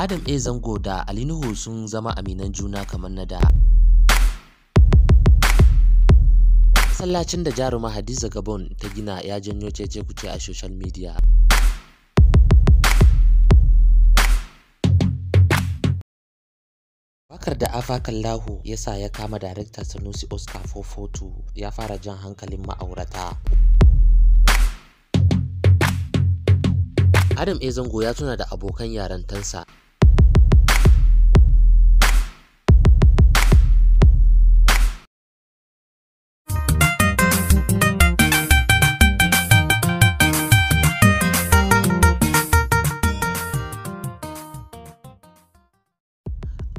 Adam A Zango da Ali Nuhu sun zama aminan juna kamar na da. Masallacin da jaruma Hadiza Gabon ta gina ya janyo cece kuce a social media. Wakar da Afakan Lahu ya sa ya kama darakta Sanusi Oscar Fofoto ya fara jan hankalin ma'aurata. Adam a zango ya tuna da abokan yarantansa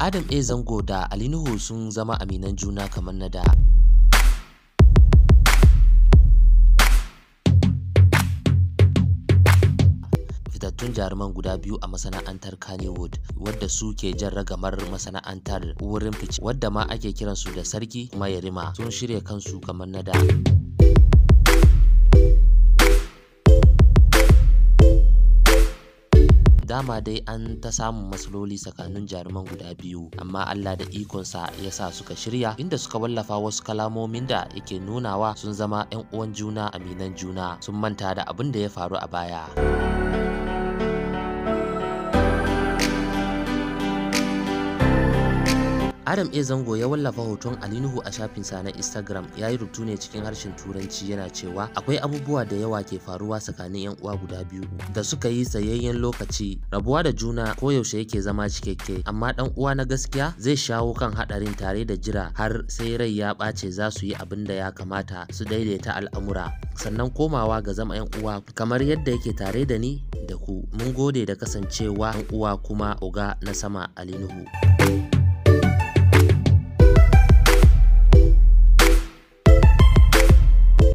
Adam A Zango da Ali Nuhu sun zama aminan juna kamar na da. fitattun jaruman guda biyu a masana'antar Kannywood wadda su ke jan ragamar masana'antar wurin fice wadda ma ake kiransu da sarki kuma yarima sun shirya kansu kamar na da. dama dai an ta samun matsaloli tsakanin jaruman guda biyu amma Allah da ikonsa ya sa suka shirya inda suka wallafa wasu kalamomin da yake nunawa sun zama 'yan uwan juna aminan juna sun manta da abin da ya faru a baya. Adam A Zango ya wallafa hoton Alinuhu a shafinsa na Instagram ya yi rubutu ne cikin harshen Turanci yana cewa akwai abubuwa da yawa ke faruwa tsakanin 'yan uwa guda biyu da suka yi sayayyen lokaci rabuwa da juna koyaushe yake zama cikakke amma dan uwa na gaskiya zai shawo kan hadarin tare da jira har sai rai ya ɓace za su yi abin da ya kamata su daidaita al'amura sannan komawa ga zama 'yan uwa kamar yadda yake tare da ni da ku mun gode da kasancewa 'yan uwa kuma oga na sama alinuhu.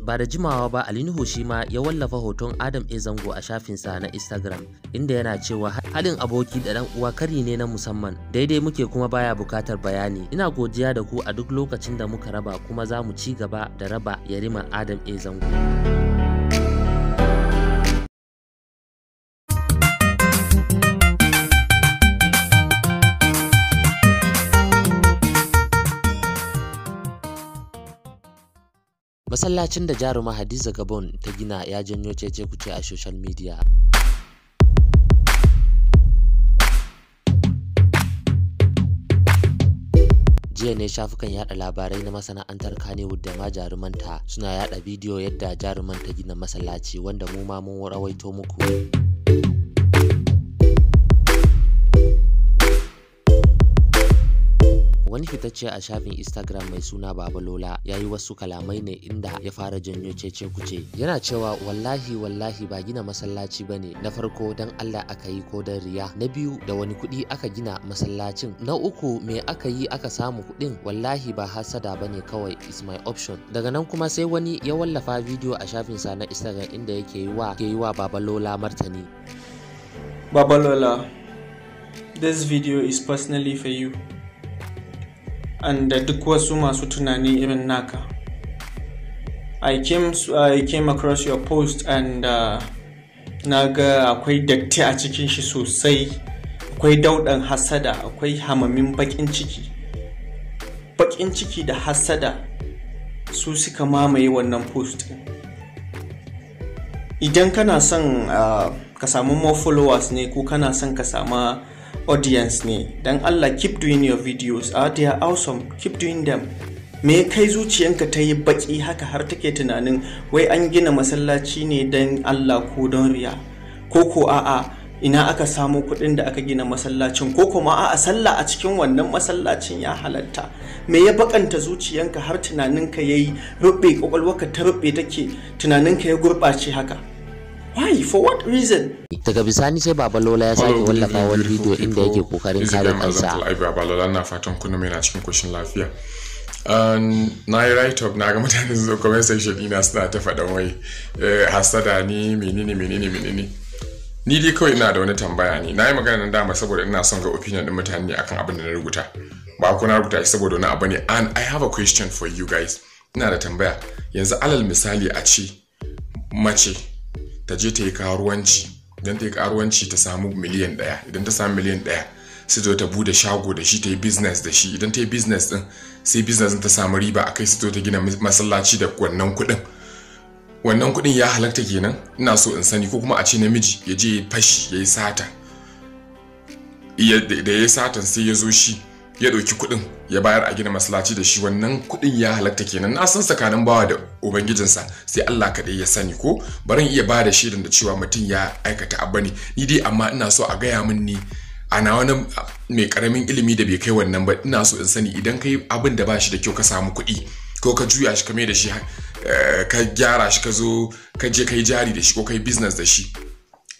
ba da jimawa ba Nuhu shi ma ya wallafa hoton Adam A Zango a shafinsa na Instagram inda yana cewa halin aboki da dan uwa kari ne na musamman daidai muke kuma baya bukatar bayani ina godiya da ku a duk lokacin da muka raba kuma za mu ci gaba da raba yarima Adam A Zango. masallacin da jaruma hadiza gabon ta gina ya janyo cece kuce a social media jiya ne shafukan yada labarai na masana'antar kanewood da ma jarumanta suna yada bidiyo yadda jaruman ta gina masallaci wanda mu ma mun rawaito muku Wani fitacce a shafin Instagram mai suna Babalola ya yi wasu kalamai ne inda ya fara janyo cece kuce. Yana cewa wallahi wallahi ba gina masallaci ba ne. Na farko dan Allah aka yi ko dan riya. Na biyu da wani kuɗi aka gina masallacin. Na uku me aka yi aka samu kuɗin wallahi ba hasada ba ne kawai is my option. Daga nan kuma sai wani ya wallafa bidiyo a shafinsa na Instagram inda yake yi wa ke yi wa Babalola martani. Babalola, this video is personally for you. da duk wasu masu tunani irin naka I came, I came across your post and uh, na ga akwai datti a cikin shi sosai akwai daudan hasada akwai hamamin bakin ciki bakin ciki da hasada su suka mamaye wannan post idan kana son uh, ka samu more followers ne ko kana son ka samu. audience ne don allah keep doing your videos ah, they are awesome keep doing them me kai zuciyanka ta yi baki haka har take tunanin wai an gina masallaci ne don allah ko don riya ko ko a'a ina aka samo kuɗin da aka gina masallacin ko kuma a'a sallah a cikin wannan masallacin ya halatta me ya bakanta zuciyanka har tunaninka ya yi rubbe kwakwalwarka ta rubbe take tunaninka ya gurɓace haka Why? For what reason? Daga bisani sai Babalola ya sake wallafa wani bidiyo inda yake kokarin kare kansa. Babalola na fatan kuna mai na cikin koshin lafiya. na yi write up na ga mutane su comment section ina suna ta faɗa wai eh, hasada ni menene menene menene ni dai kawai ina da wani tambaya ne na yi magana nan dama saboda ina son ga opinion ɗin mutane akan abin da na rubuta ba ku na rubuta shi saboda wani abu ne and I have a question for you guys ina da tambaya yanzu alal misali a ce mace ta je ta yi karuwanci idan ta yi karuwanci ta samu miliyan ɗaya idan ta samu miliyan ɗaya sai ta ta bude shago da shi ta yi business da shi idan ta yi business din sai business din ta samu riba a kai sai ta gina masallaci da wannan kuɗin wannan kuɗin ya halarta kenan ina so in sani ko kuma a ce namiji ya je ya fashi ya yi sata da ya yi satan sai ya zo shi ya ɗauki kuɗin ya bayar a gina masallaci da shi wannan kuɗin ya halatta kenan na san tsakanin bawa da ubangijinsa sai Allah kaɗai ya sani ko baran iya ba da shirin da cewa mutum ya aikata abu ne ni dai amma ina so a gaya min ni ana wani mai karamin ilimi da bai kai wannan ba ina so in sani idan kai abin da ba shi da kyau ka samu kuɗi ko ka juya shi ka mai da shi eh, ka gyara shi ka zo ka je ka jari da shi ko ka business da shi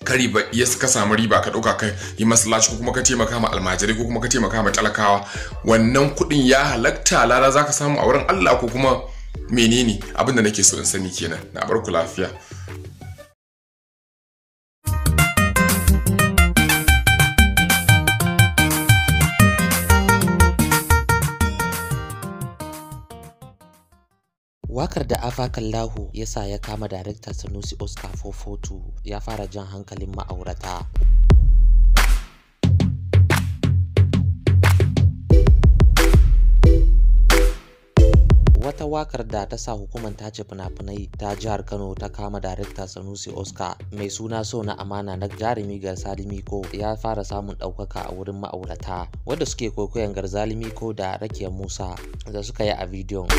ka riba ya ka samu riba ka ɗauka ka yi masallaci ko kuma ka taimaka ma almajiri ko kuma ka taimaka ma talakawa wannan kuɗin ya halatta lara za ka samu a wurin Allah ko kuma menene abin da nake so in sani kenan na bar ku lafiya Wakar da Afakan Lahu ya sa ya kama darakta Sanusi Oscar 442 ya fara jan hankalin ma'aurata. wata wakar da ta sa hukumar tace fina-finai ta jihar kano ta kama darekta sanusi oscar mai suna so na amana na jarumi salimi ko ya fara samun ɗaukaka a wurin ma'aurata wadda suke kwaikwayon Garzalimi ko da rakiya musa da suka yi a bidiyon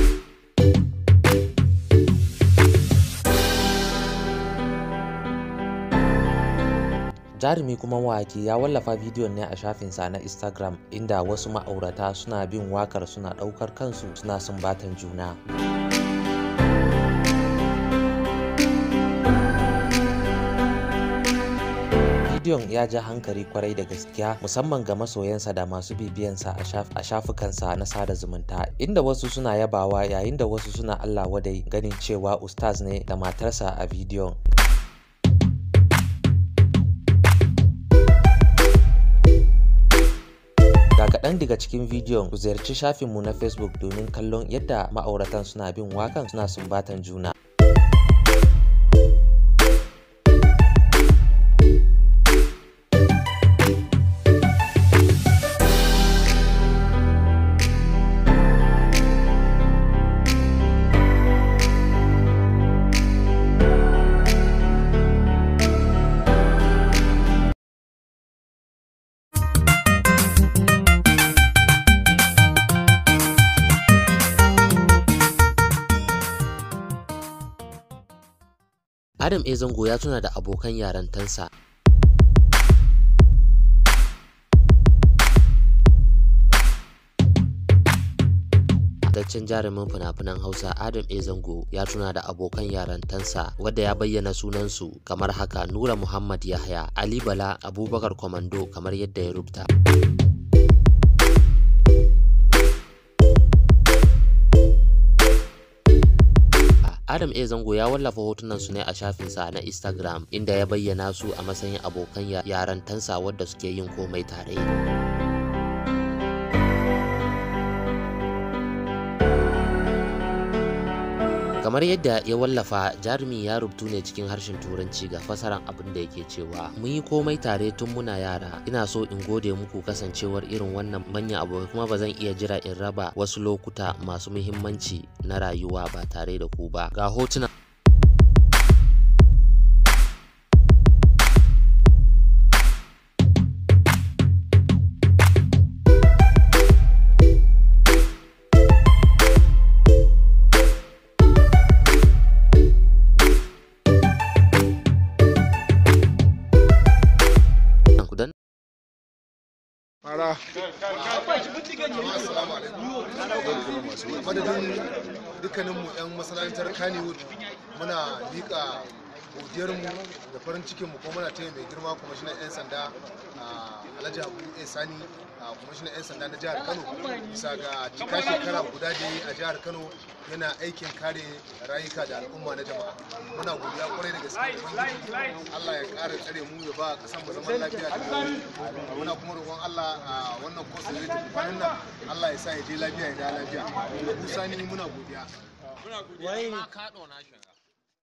jarumi kuma mawaki ya wallafa bidiyon ne a shafinsa na instagram inda wasu ma'aurata suna bin wakar suna ɗaukar kansu suna sumbatan juna. bidiyon ya ja hankali kwarai da gaskiya musamman ga masoyansa da masu bibiyansa a shafukansa na sada zumunta inda wasu suna yabawa yayin da wasu suna Allah wadai ganin cewa ustaz ne da matarsa a bidiyon. kaɗan daga cikin bidiyon ku ziyarci shafinmu na facebook domin kallon yadda ma'auratan suna bin wakan suna sumbatan juna Adam A. Zango ya tuna da abokan yarantansa fitaccen jarumin fina-finan hausa adam a zango ya tuna da abokan yarantansa wadda ya bayyana sunansu kamar haka nura muhammad yahya ali bala abubakar kwamando kamar yadda ya rubuta Adam A Zango ya wallafa hotunan su ne a shafin sa na Instagram inda ya bayyana su a matsayin abokan yaran tansa wadda suke yin komai tare. kamar yadda ya wallafa jarumi ya rubutu ne cikin harshen turanci ga fasaran abin da yake cewa mun yi komai tare tun muna yara ina so in gode muku kasancewar irin wannan manyan abokai kuma ba zan iya jira in raba wasu lokuta masu muhimmanci na rayuwa ba tare da ku ba ga hotuna madadin dukkaninmu 'yan masana'antar kaniwood muna liƙa godiyarmu da farin cikinmu kuma muna taya mai girma kwamishinan 'yan sanda alhaji abu a sani kwamishinan 'yan sanda na jihar kano bisa ga cika shekara guda da yi a jihar kano yana aikin kare rayuka da al'umma na jama'a muna godiya kwarai da gaske Allah ya kara tsare mu ya ba kasan mu zaman lafiya da muna kuma roƙon Allah a wannan kosa zai ta kwanan nan Allah ya sa ya je lafiya ya da lafiya da Musa ni muna godiya muna godiya ma ka na shi